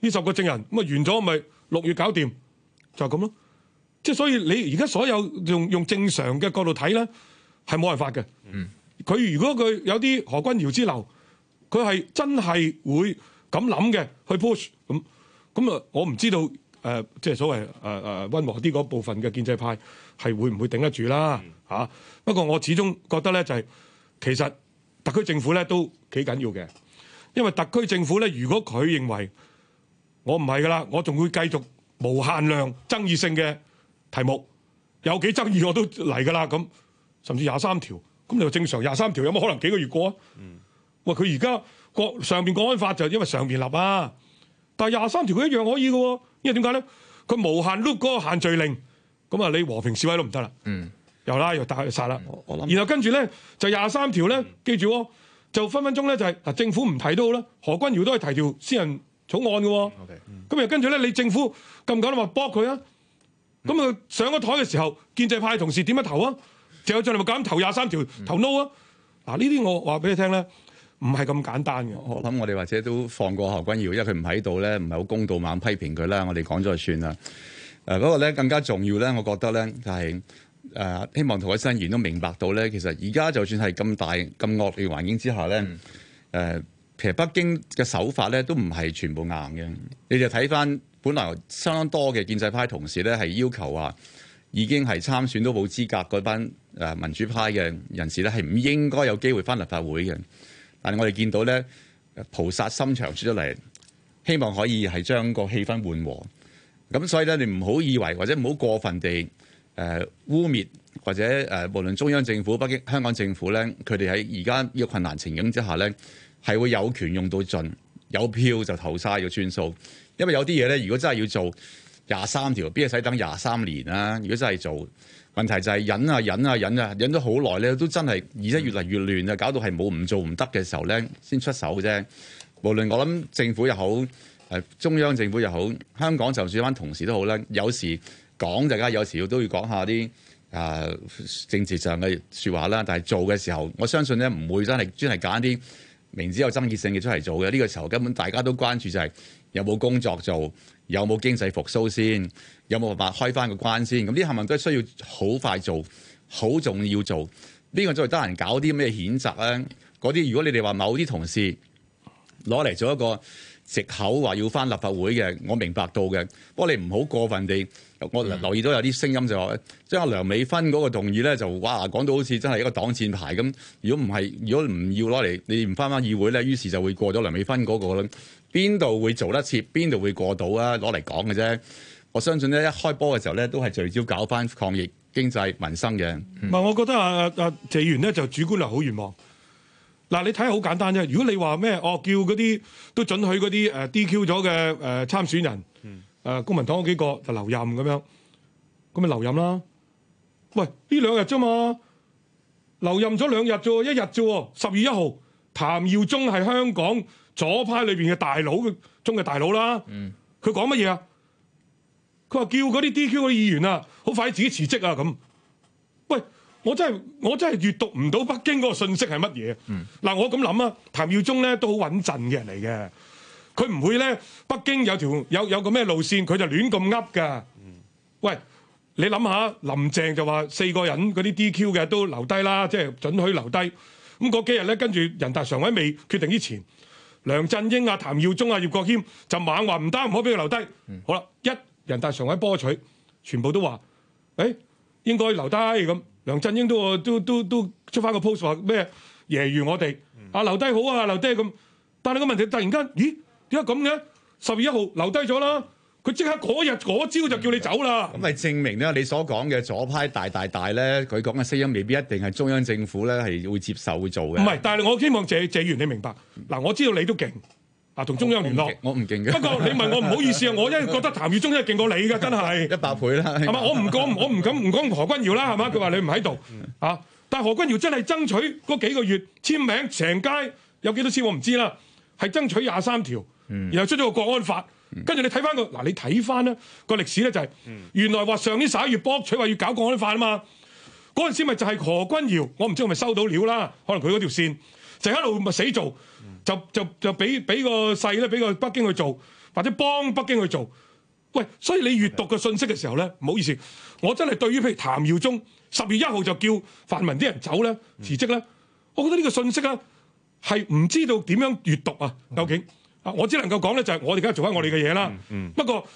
呢十個證人咁啊，完咗咪六月搞掂，就咁、是、咯。即係所以你而家所有用用正常嘅角度睇咧，係冇辦法嘅。佢、嗯、如果佢有啲何君堯之流，佢係真係會咁諗嘅去 push 咁咁、嗯、啊、嗯。我唔知道、呃、即係所謂誒温和啲嗰部分嘅建制派係會唔會頂得住啦、嗯啊、不過我始終覺得咧，就係、是、其實特區政府咧都幾緊要嘅。因為特區政府咧，如果佢認為我唔係噶啦，我仲會繼續無限量爭議性嘅題目，有幾爭議我都嚟噶啦咁，甚至廿三條，咁你話正常廿三條有冇可能幾個月過啊？嗯，喂，佢而家講上邊國安法就因為上邊立啊，但係廿三條佢一樣可以嘅，因為點解咧？佢無限 look 嗰個限聚令，咁啊，你和平示威都唔得啦。嗯，又啦，又打又殺啦。我諗，然後跟住咧就廿三條咧，記住、哦。嗯嗯就分分鐘咧就係、是、嗱，政府唔提到啦。何君堯都係提條私人草案嘅，咁又跟住咧，你政府咁緊要話駁佢啊。咁啊、mm. 上咗台嘅時候，建制派同事點樣投啊？有俊立咪咁投廿三條投 no 啊？嗱、mm.，呢啲我話俾你聽咧，唔係咁簡單嘅。我諗我哋或者都放過何君堯，因為佢唔喺度咧，唔係好公道猛批評佢啦。我哋講咗就算啦。誒、呃，不過咧更加重要咧，我覺得咧係。就是誒希望同位新賢都明白到咧，其實而家就算係咁大咁惡劣環境之下咧，誒其實北京嘅手法咧都唔係全部硬嘅。嗯、你就睇翻本來相當多嘅建制派同事咧，係要求話已經係參選都冇資格嗰班誒民主派嘅人士咧，係唔應該有機會翻立法會嘅。但係我哋見到咧，菩薩心腸出咗嚟，希望可以係將個氣氛緩和。咁所以咧，你唔好以為或者唔好過分地。誒、呃、污蔑或者誒、呃，無論中央政府、北京、香港政府咧，佢哋喺而家呢個困難情景之下咧，係會有權用到盡，有票就投晒，個選數。因為有啲嘢咧，如果真係要做廿三條，邊係使等廿三年啦、啊。如果真係做，問題就係忍啊、忍啊、忍啊、忍啊、忍啊，忍咗好耐咧，都真係而且越嚟越亂啊，搞到係冇唔做唔得嘅時候咧，先出手啫。無論我諗政府又好，誒、呃、中央政府又好，香港就算一班同事都好啦，有時。講大家有時要都要講下啲啊、呃、政治上嘅説話啦。但係做嘅時候，我相信咧唔會真係專係揀啲明知有爭議性嘅出嚟做嘅。呢、這個時候根本大家都關注就係、是、有冇工作做，有冇經濟復甦先，有冇辦法開翻個關先。咁呢啲係咪都需要好快做，好重要做。就呢個再得閒搞啲咩譴責咧？嗰啲如果你哋話某啲同事攞嚟做一個。藉口話要翻立法會嘅，我明白到嘅。不過你唔好過分地，我留意到有啲聲音就話即係將梁美芬嗰個動議咧，就哇講到好似真係一個擋箭牌咁。如果唔係，如果唔要攞嚟，你唔翻翻議會咧，於是就會過咗梁美芬嗰個啦。邊度會做得切，邊度會過到啊？攞嚟講嘅啫。我相信咧，一開波嘅時候咧，都係聚焦搞翻抗疫、經濟、民生嘅。唔係，我覺得啊啊謝元咧就主觀良好願望。嗱，你睇好簡單啫。如果你話咩，哦，叫嗰啲都准許嗰啲誒 DQ 咗嘅誒參選人，誒、呃、公民黨嗰幾個就留任咁樣，咁咪留任啦。喂，呢兩日啫嘛，留任咗兩日啫喎，一日啫喎。十月一號，譚耀宗係香港左派裏邊嘅大佬嘅中嘅大佬啦。佢講乜嘢啊？佢話叫嗰啲 DQ 嗰啲議員啊，好快自己辭職啊咁。這我真係我真係閲讀唔到北京嗰個訊息係乜嘢。嗱、嗯，我咁諗、嗯就是、啊，譚耀宗咧都好穩陣嘅人嚟嘅，佢唔會咧北京有條有有個咩路線，佢就亂咁噏㗎。喂，你諗下，林鄭就話四個人嗰啲 DQ 嘅都留低啦，即係准許留低。咁嗰幾日咧，跟住人大常委未決定之前，梁振英啊、譚耀宗啊、葉國謙就猛話唔得，唔、嗯、好俾佢留低。好啦，一人大常委波取，全部都話誒、哎、應該留低咁。梁振英都話，都都都出翻個 post 話咩？耶如我哋啊留低好啊留低咁，但係個問題突然間，咦，點解咁嘅？十月一號留低咗啦，佢即刻嗰日嗰朝就叫你走啦。咁咪證明咧，你所講嘅左派大大大咧，佢講嘅聲音未必一定係中央政府咧係會接受會做嘅。唔係，但係我希望謝謝完你明白。嗱，我知道你都勁。啊，同中央聯絡，我唔勁嘅。不，不，不過你問我唔好意思啊， 我因為覺得譚宇中真係勁過你嘅，真係一百倍啦。係嘛，我唔講，我唔敢唔講何君堯啦，係嘛？佢話 你唔喺度啊，但係何君堯真係爭取嗰幾個月簽名成街有幾多次我唔知啦，係爭取廿三條，嗯、然後出咗個國安法，跟住、嗯、你睇翻個嗱，你睇翻啦個歷史咧就係、是、原來話上年十一月博取話要搞國安法啊嘛，嗰陣時咪就係何君堯，我唔知我咪收到料啦，可能佢嗰條線就喺度咪死做。就就就俾俾個細咧，俾個北京去做，或者幫北京去做。喂，所以你閱讀嘅信息嘅時候咧，唔好意思，我真係對於譬如譚耀宗十月一號就叫泛民啲人走咧辭職咧，我覺得呢個信息咧係唔知道點樣閱讀啊？究竟啊，Okay. 我只能夠講咧，就係、是、我哋而家做翻我哋嘅嘢啦。Mm hmm. 不過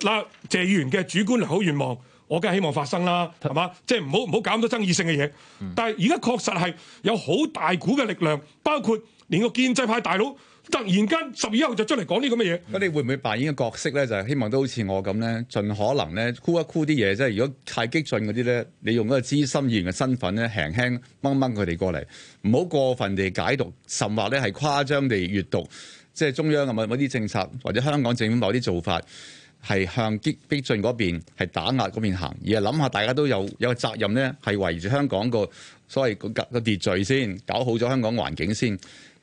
嗱，謝議員嘅主觀良好願望，我梗係希望發生啦，係嘛？即係唔好唔好搞咁多爭議性嘅嘢。Mm hmm. 但係而家確實係有好大股嘅力量，包括。連個建制派大佬突然間十二後就出嚟講呢咁嘅嘢，我哋、嗯、會唔會扮演個角色咧？就係、是、希望都好似我咁咧，儘可能咧箍一箍啲嘢。即係如果太激進嗰啲咧，你用嗰個資深議員嘅身份咧，輕輕掹掹佢哋過嚟，唔好過分地解讀，甚或咧係誇張地閱讀，即係中央嘅某某啲政策，或者香港政府某啲做法，係向激激進嗰邊係打壓嗰邊行。而係諗下，大家都有有個責任咧，係維住香港個所謂個個秩序先，搞好咗香港環境先。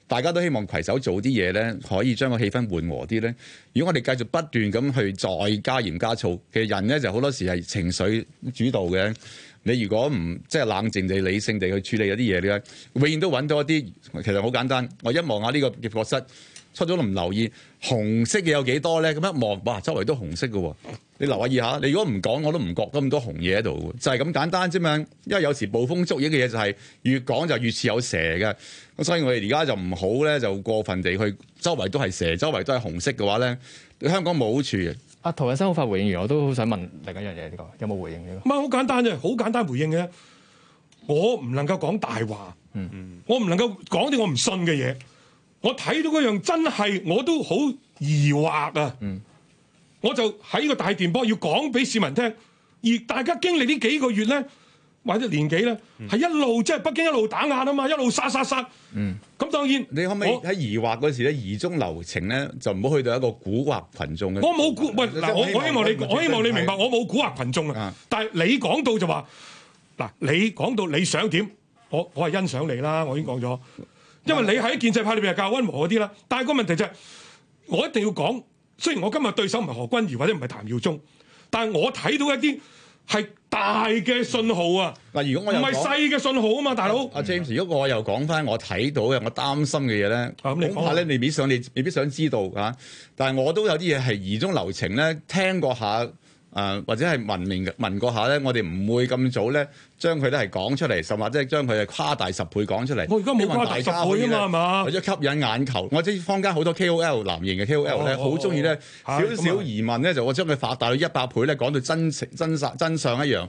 大家都希望攜手做啲嘢咧，可以將個氣氛緩和啲咧。如果我哋繼續不斷咁去再加鹽加醋，其實人咧就好多時係情緒主導嘅。你如果唔即係冷靜地、理性地去處理一啲嘢咧，永遠都揾到一啲。其實好簡單，我一望下呢個結果室。出咗都唔留意紅色嘅有幾多咧？咁一望，哇，周圍都紅色嘅喎。你留下意一下，你如果唔講，我都唔覺得咁多紅嘢喺度，就係、是、咁簡單啫嘛。因為有時捕風捉影嘅嘢就係、是、越講就越似有蛇嘅，所以我哋而家就唔好咧，就過分地去周圍都係蛇，周圍都係紅色嘅話咧，對香港冇好處嘅。阿、啊、涂偉生好快回應完，我都好想問另一樣嘢，呢個有冇回應呢個？唔係好簡單啫，好簡單回應嘅。我唔能夠講大話，嗯嗯，我唔能夠講啲我唔信嘅嘢。我睇到嗰樣真係我都好疑惑啊！我就喺個大電波要講俾市民聽，而大家經歷呢幾個月咧，或者年幾咧，係一路即係北京一路打壓啊嘛，一路殺殺殺。嗯。咁當然你可唔可以喺疑惑嗰時咧，疑中留情咧，就唔好去到一個蠱惑羣眾。我冇蠱，喂，我我希望你，我希望你明白，我冇蠱惑群眾啊！但係你講到就話，嗱，你講到你想點，我我係欣賞你啦，我已經講咗。因為你喺建制派裏邊係較温和啲啦，但係個問題就係、是，我一定要講。雖然我今日對手唔係何君如或者唔係譚耀宗，但係我睇到一啲係大嘅信號啊！唔係細嘅信號啊嘛，大佬。阿 James，如果我又講返我睇到嘅我擔心嘅嘢咧，恐怕咧，嗯、你未必想、啊、你，說你未必想知道嚇、啊。但係我都有啲嘢係疑中留情咧，聽過一下。誒或者係文明嘅文過下咧，我哋唔會咁早咧，將佢都係講出嚟，甚或者係將佢係誇大十倍講出嚟。我而家冇誇大十倍大啊嘛，為咗吸引眼球，啊、我知坊間好多 K O L 男型嘅 K O L 咧，好中意咧少少疑問咧，就我將佢發大到一百倍咧，講到真實真實真相一樣。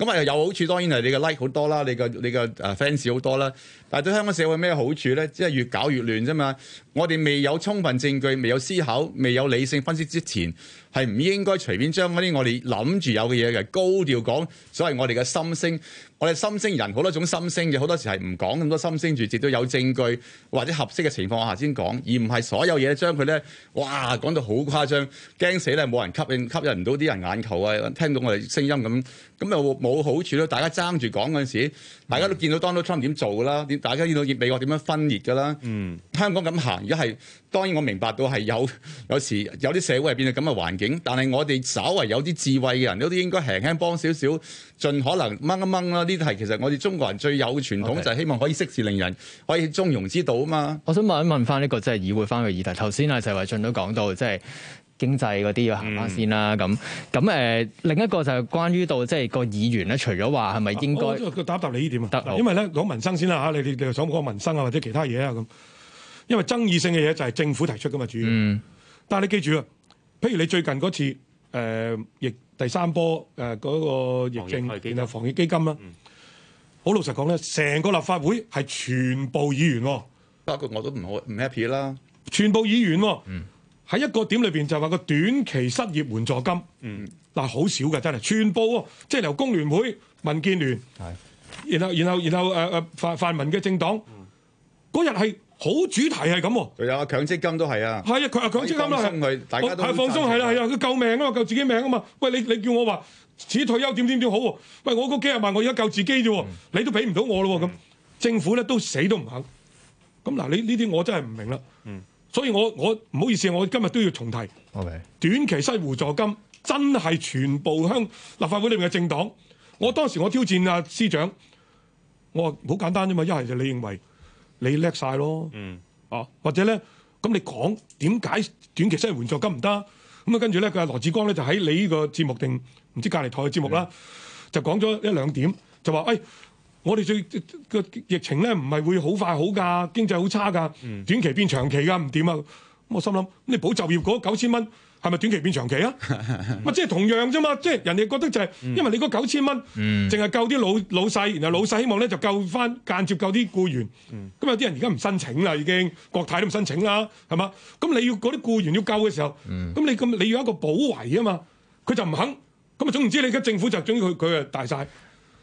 咁啊，又有好處當然係你嘅 like 好多啦，你嘅你嘅誒 fans 好多啦，但係對香港社會咩好處咧？即係越搞越亂啫嘛！我哋未有充分證據，未有思考，未有理性分析之前，係唔應該隨便將嗰啲我哋諗住有嘅嘢嘅高調講，所謂我哋嘅心聲。我哋心聲，人好多種心聲，嘅，好多時係唔講咁多心聲，住直到有證據或者合適嘅情況下先講，而唔係所有嘢將佢咧，哇講到好誇張，驚死咧冇人吸引，吸引唔到啲人眼球啊！聽到我哋聲音咁，咁又冇好處咯。大家爭住講嗰陣時，大家都見到 Donald Trump 點做㗎啦，點大家見到美國點樣分裂噶啦，嗯，香港咁行而家係。當然我明白到係有有時有啲社會係變到咁嘅環境，但係我哋稍為有啲智慧嘅人都應該輕輕幫少少，盡可能掹一掹啦。呢啲係其實我哋中國人最有傳統，Okay. 就係希望可以適時令人可以中庸之道啊嘛。Okay. 我想問一問翻、這、呢個即係、就是、議會翻嘅議題。頭先啊，謝偉俊都講到即係、就是、經濟嗰啲要行翻先啦。咁咁誒，另一個就係關於到即係個議員咧，除咗話係咪應該答答你呢點啊？得啊，打打行因為咧講好民生先啦嚇，你你你又想講民生啊，或者其他嘢啊咁，因為爭議性嘅嘢就係政府提出㗎嘛，主要。嗯、但係你記住啊，譬如你最近嗰次誒、呃、疫第三波誒嗰、呃那個疫症，疫然後防疫基金啦，好、嗯、老實講咧，成個立法會係全部議員喎，包括我都唔好唔 happy 啦，全部議員喎，喺、嗯、一個點裏邊就話個短期失業援助金，嗱好、嗯、少㗎真係，全部即係由工聯會、民建聯是，然後然後然後誒誒泛泛民嘅政黨，嗰日係。好主題係咁喎，仲有啊強積金都係啊，係啊強強積金啦，係，是啊、大家都係、啊、放鬆，係啦係啦，佢、啊、救命啊嘛，救自己命啊嘛。喂你你叫我話遲退休點點點好、啊？喂我嗰幾廿萬我而家救自己啫喎，嗯、你都俾唔到我咯咁，嗯、政府咧都死都唔肯。咁嗱，你呢啲我真係唔明啦。嗯，所以我我唔好意思，我今日都要重提。O K。短期西湖助金真係全部向立法會裏面嘅政黨，我當時我挑戰啊司長，我話好簡單啫嘛，一係就你認為。你叻晒咯，哦，mm. oh. 或者咧，咁你講點解短期收入援助得唔得？咁啊，跟住咧，個羅致光咧就喺你呢個節目定唔知隔離台嘅節目啦，mm. 就講咗一兩點，就話誒、哎，我哋最個疫情咧唔係會好快好㗎，經濟好差㗎，mm. 短期變長期㗎，唔掂啊！咁我心諗，你補就業嗰九千蚊？係咪短期變長期啊？咪 即係同樣啫嘛，即係人哋覺得就係，因為你個九千蚊淨係救啲老老細，然後老細希望咧就救翻，間接救啲僱員。咁 有啲人而家唔申請啦，已經國泰都唔申請啦，係嘛？咁你要嗰啲僱員要救嘅時候，咁 你咁你要一個保衛啊嘛，佢就唔肯。咁啊總言之，你而家政府就終於佢，佢啊大晒。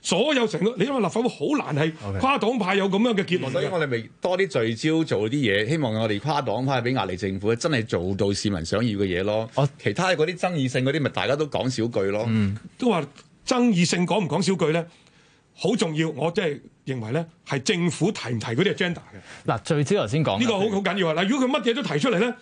所有成，你因立法會好難係跨黨派有咁樣嘅結論，Okay. 嗯、所以我哋咪多啲聚焦做啲嘢，希望我哋跨黨派俾壓力政府，真係做到市民想要嘅嘢咯、啊。其他嗰啲爭議性嗰啲，咪大家都講少句咯。嗯、都話爭議性講唔講少句咧，好重要。我即係認為咧，係政府提唔提嗰啲嘅 gender 嘅。嗱，聚焦頭先講呢個好好緊要啊。嗱，如果佢乜嘢都提出嚟咧，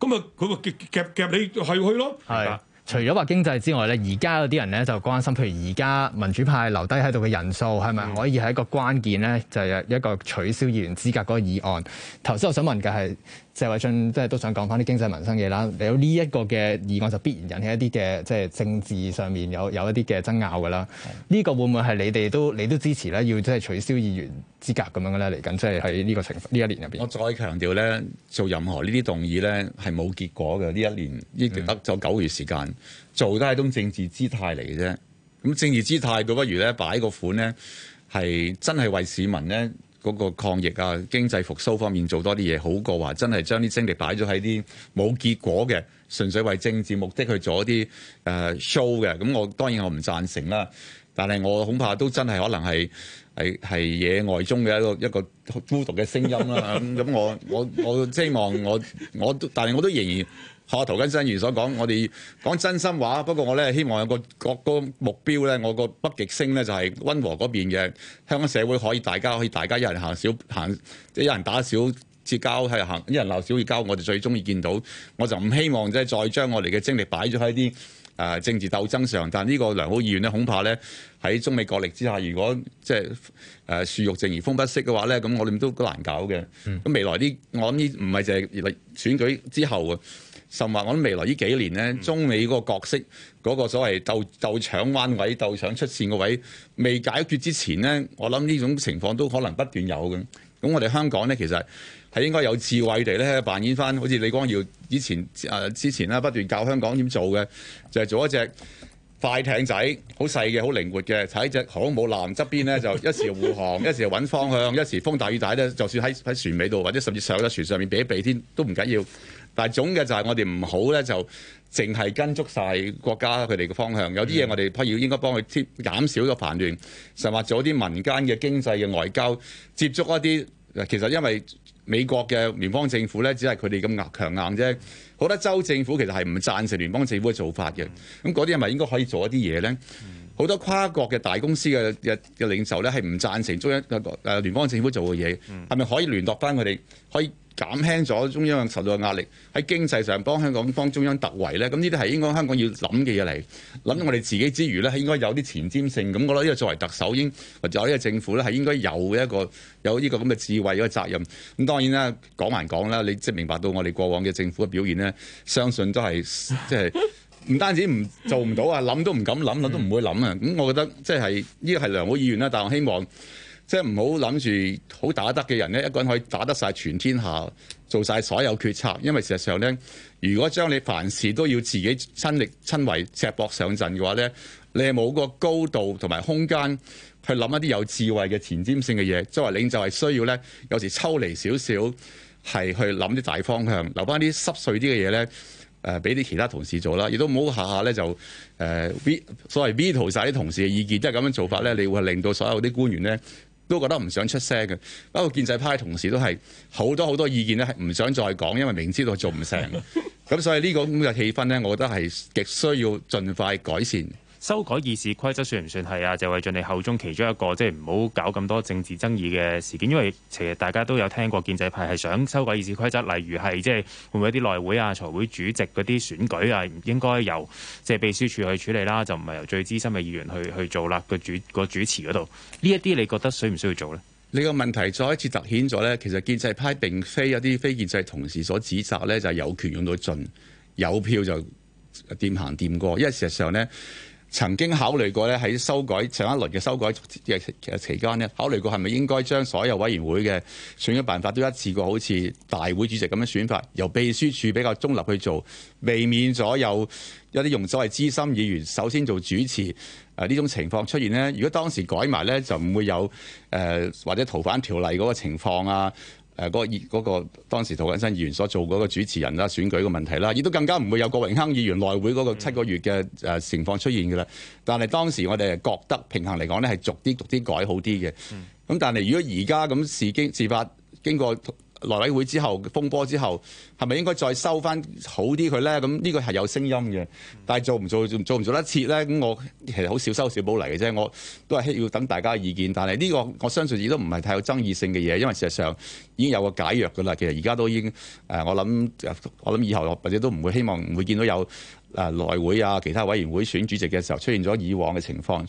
咁啊，佢個夾夾你係去，去咯。係。除咗話經濟之外咧，而家有啲人咧就關心，譬如而家民主派留低喺度嘅人數係咪可以係一個關鍵咧？就係、是、一個取消議員資格嗰個議案。頭先我想問嘅係。，謝偉俊即係都想講翻啲經濟民生嘢啦，你有呢一個嘅議案就必然引起一啲嘅即係政治上面有有一啲嘅爭拗㗎啦。呢、嗯、個會唔會係你哋都你都支持咧？要即係取消議員資格咁樣嘅咧？嚟緊即係喺呢個情況呢一年入邊，我再強調咧，做任何呢啲動議咧係冇結果嘅。呢一年依得咗九月時間，做都係一種政治姿態嚟嘅啫。咁政治姿態倒不如咧擺個款咧係真係為市民咧。嗰個抗疫啊、經濟復甦方面做多啲嘢，好過話真係將啲精力擺咗喺啲冇結果嘅、純粹為政治目的去做一啲誒、呃、show 嘅。咁我當然我唔贊成啦，但係我恐怕都真係可能係係係野外中嘅一個一個孤獨嘅聲音啦。咁、 嗯、我我我希望我我都，但係我都仍然。我涂謹申議員所講，我哋講真心話。不過我呢，我咧希望有個各個，個目標咧，我個北極星咧就係、是、溫和嗰邊嘅香港社會可，可以大家可以大家一人行少行，即係一人打少折交，係行一人鬧少熱交。我哋最中意見到，我就唔希望即係再將我哋嘅精力擺咗喺啲政治鬥爭上。但呢個良好意願咧，恐怕咧喺中美角力之下，如果即係樹欲靜而風不息嘅話咧，咁我哋都難搞嘅。咁、嗯、未來啲我諗呢唔係淨係選舉之後啊。甚至我諗未來呢幾年咧，中美嗰個角色嗰、嗰個所謂鬥鬥搶彎位、鬥搶出線嗰位未解決之前咧，我諗呢種情況都可能不斷有嘅。咁我哋香港咧，其實係應該有智慧地咧扮演返，好似李光耀以前誒、呃、之前咧不斷教香港點做嘅，就係、是、做一隻快艇仔，好細嘅、好靈活嘅，喺隻航空母艦側邊咧就一時護航， 一時揾方向，一時風大雨大咧，就算喺喺船尾度或者甚至上咗船上面避一避天都唔緊要。但係總嘅就係我哋唔好咧，就淨係跟足晒國家佢哋嘅方向，有啲嘢我哋必要應該幫佢貼減少咗煩亂，就話做啲民間嘅經濟嘅外交接觸一啲。其實因為美國嘅聯邦政府咧，只係佢哋咁壓強硬啫。好多州政府其實係唔贊成聯邦政府嘅做法嘅，咁嗰啲係咪應該可以做一啲嘢咧？好多跨國嘅大公司嘅嘅嘅領袖咧，係唔贊成中央誒聯邦政府做嘅嘢，係咪、嗯、可以聯絡返佢哋，可以減輕咗中央受到嘅壓力，喺經濟上幫香港幫中央突圍咧？咁呢啲係應該香港要諗嘅嘢嚟。諗我哋自己之餘咧，應該有啲前瞻性，咁我覺得呢個作為特首應或者作為政府咧，係應該有一個有呢個咁嘅智慧一個責任。咁當然啦，講埋講啦，你即係明白到我哋過往嘅政府嘅表現咧，相信都係即係。就是 唔單止唔做唔到啊，諗都唔敢諗，諗都唔會諗啊！咁我覺得即係呢個係良好意願啦，但我希望即係唔好諗住好打得嘅人呢，一個人可以打得晒全天下，做晒所有決策。因為事實上呢，如果將你凡事都要自己親力親為、赤膊上陣嘅話呢，你係冇個高度同埋空間去諗一啲有智慧嘅前瞻性嘅嘢。作為領袖係需要呢，有時抽離少少係去諗啲大方向，留翻啲濕碎啲嘅嘢呢。誒，俾啲、呃、其他同事做啦，亦都唔好下下咧就誒 B、呃、所謂 veto 晒啲同事嘅意見，即係咁樣做法咧，你會令到所有啲官員咧都覺得唔想出聲嘅。包括建制派同事都係好多好多意見咧，係唔想再講，因為明知道做唔成。咁所以呢個咁嘅氣氛咧，我覺得係極需要盡快改善。修改議事規則算唔算係啊？謝偉俊，你口中其中一個即係唔好搞咁多政治爭議嘅事件，因為其實大家都有聽過建制派係想修改議事規則，例如係即係會唔會有一啲內會啊、財會主席嗰啲選舉啊，唔應該由即係、就是、秘書處去處理啦，就唔係由最資深嘅議員去去做啦，個主個主持嗰度呢一啲，這些你覺得需唔需要做呢？你個問題再一次突顯咗呢，其實建制派並非一啲非建制同事所指責呢，就係有權用到盡，有票就掂行掂過，因為事實上呢，曾經考慮過咧，喺修改上一輪嘅修改嘅期間咧，考慮過係咪應該將所有委員會嘅選舉辦法都一次過好似大會主席咁樣嘅選法，由秘書處比較中立去做，避免咗有一啲用所謂資深議員首先做主持啊呢、呃、種情況出現呢，如果當時改埋呢，就唔會有誒、呃、或者逃犯條例嗰個情況啊。誒嗰、啊那個熱嗰、那個那個、當時涂謹申議員所做嗰個主持人啦，選舉嘅問題啦，亦都更加唔會有郭榮鏗議員內會嗰個七個月嘅誒情況出現嘅啦。但係當時我哋係覺得平衡嚟講咧，係逐啲逐啲改好啲嘅。咁、嗯嗯、但係如果而家咁事經事發經過。內委會之後風波之後，係咪應該再收翻好啲佢咧？咁、這、呢個係有聲音嘅，但係做唔做做唔做得切咧？咁我其實好少收小補嚟嘅啫，我都係要等大家嘅意見。但係呢個我相信亦都唔係太有爭議性嘅嘢，因為事實上已經有個解約噶啦。其實而家都已經誒，我諗我諗以後或者都唔會希望唔會見到有。誒內、啊、會啊，其他委員會選主席嘅時候出現咗以往嘅情況，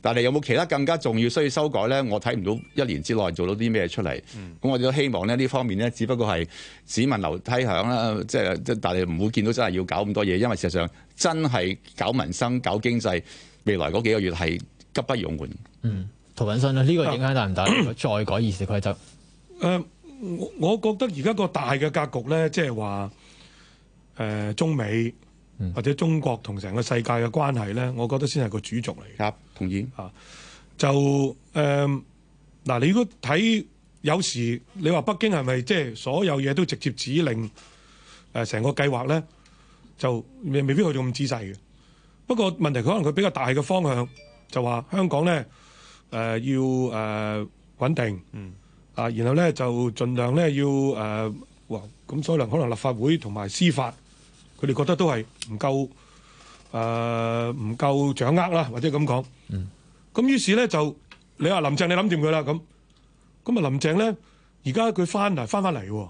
但係有冇其他更加重要需要修改咧？我睇唔到一年之內做到啲咩出嚟。咁、嗯、我哋都希望咧，呢方面咧，只不過係只聞樓梯響啦，即係即係，但係唔會見到真係要搞咁多嘢，因為事實上真係搞民生、搞經濟，未來嗰幾個月係急不容緩。嗯，涂謹申咧，呢、這個影響大唔大？呃、再改議事規則？誒、呃，我覺得而家個大嘅格局咧，即係話誒中美。或者中國同成個世界嘅關係咧，我覺得先係個主軸嚟嘅。同意啊，就誒嗱、呃，你如果睇有時你話北京係咪即係所有嘢都直接指令誒成、呃、個計劃咧，就未必去做咁仔細嘅。不過問題，佢可能佢比較大嘅方向就話香港咧誒、呃、要誒穩、呃、定，嗯啊，然後咧就盡量咧要誒、呃，哇咁所以能可能立法會同埋司法。佢哋覺得都係唔夠，誒唔夠掌握啦，或者咁講。咁於是咧就，你話林鄭你諗掂佢啦咁。咁啊林鄭咧，而家佢翻啊翻翻嚟喎，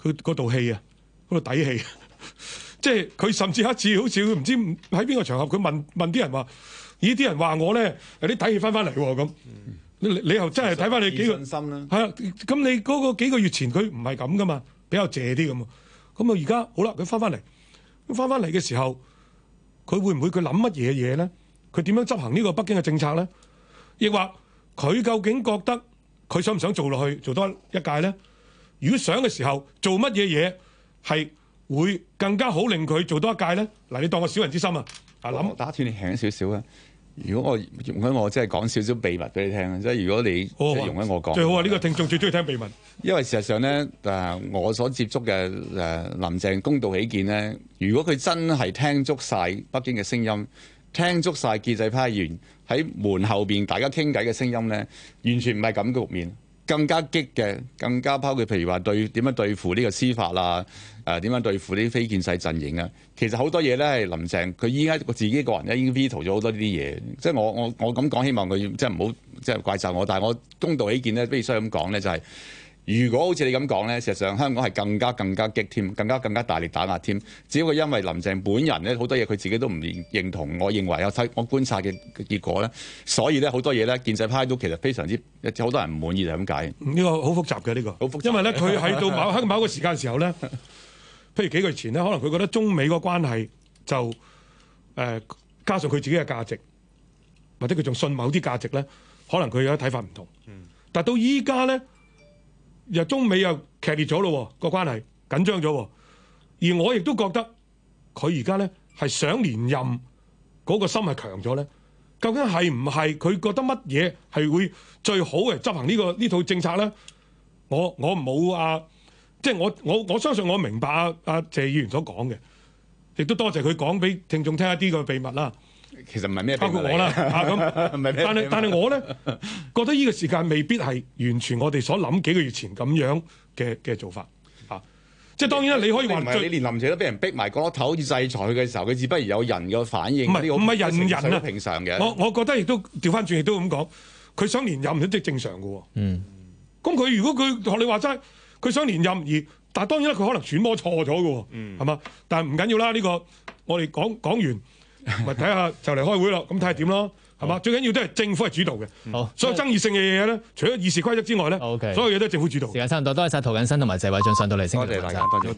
佢嗰度氣啊，嗰個底氣。即係佢甚至一次好似，唔知喺邊個場合佢問問啲人話，呢啲人話我咧有啲底氣翻翻嚟喎咁。你又真係睇翻你幾個自信心啦。係啊，咁你嗰個幾個月前佢唔係咁噶嘛，比較謝啲咁。咁啊而家好啦，佢翻翻嚟。返返嚟嘅時候，佢會唔會佢諗乜嘢嘢咧？佢點樣執行呢個北京嘅政策咧？亦或佢究竟覺得佢想唔想做落去做多一屆咧？如果想嘅時候做乜嘢嘢係會更加好令佢做多一屆咧？嗱，你當我小人之心啊，啊諗。我打斷你輕少少啊。如果我容許我即係講少少秘密俾你聽，即係如果你即係容許我講，最好啊！呢個聽眾最中意聽秘密。因為事實上咧，啊，我所接觸嘅誒林鄭公道起見咧，如果佢真係聽足晒北京嘅聲音，聽足晒建制派員喺門後邊大家傾偈嘅聲音咧，完全唔係咁嘅局面。更加激嘅，更加拋佢，譬如話對點樣對付呢個司法啦，誒、呃、點樣對付呢啲非建制陣營啊？其實好多嘢咧係林鄭佢依家自己個人咧已經 veto 咗好多呢啲嘢，即係我我我咁講，希望佢即係唔好即係怪責我，但係我公道起見咧，必須咁講咧就係、是。如果好似你咁講咧，事實上香港係更加更加激添，更加更加大力打壓添。只不過因為林鄭本人咧，好多嘢佢自己都唔認同，我認為有睇我觀察嘅結果咧，所以咧好多嘢咧，建制派都其實非常之有好多人唔滿意，係咁解。呢、呢個好複雜嘅呢、呢個，複雜因為咧佢喺到某喺某個時間時候咧， 譬如幾個月前咧，可能佢覺得中美個關係就誒、呃、加上佢自己嘅價值，或者佢仲信某啲價值咧，可能佢有睇法唔同。但到依家咧。又中美又劇烈咗咯，個關係緊張咗。而我亦都覺得佢而家咧係想連任嗰個心係強咗咧。究竟係唔係佢覺得乜嘢係會最好嘅執行呢個呢套政策咧？我我冇啊，即係我我我相信我明白啊啊謝議員所講嘅，亦都多謝佢講俾聽眾聽一啲個秘密啦。其實唔係咩，包括我啦吓，咁。但係但係我咧覺得呢個時間未必係完全我哋所諗幾個月前咁樣嘅嘅做法吓。即係當然啦，你可以話最你連林鄭都俾人逼埋個頭好似制裁佢嘅時候，佢只不如有人嘅反應。唔係唔係人人平常嘅。我我覺得亦都調翻轉亦都咁講，佢想連任都即係正常嘅。嗯。咁佢如果佢學你話齋，佢想連任而，但係當然啦，佢可能揣摩錯咗嘅。嗯。係嘛？但係唔緊要啦，呢個我哋講講完。咪睇下就嚟開會咯，咁睇下點咯，係嘛？好最緊要都係政府係主導嘅。好，所有爭議性嘅嘢咧，嗯、除咗議事規則之外咧，okay、所有嘢都係政府主導。時間差唔多，多謝晒涂謹申同埋謝偉俊上，上到嚟，謝謝大家。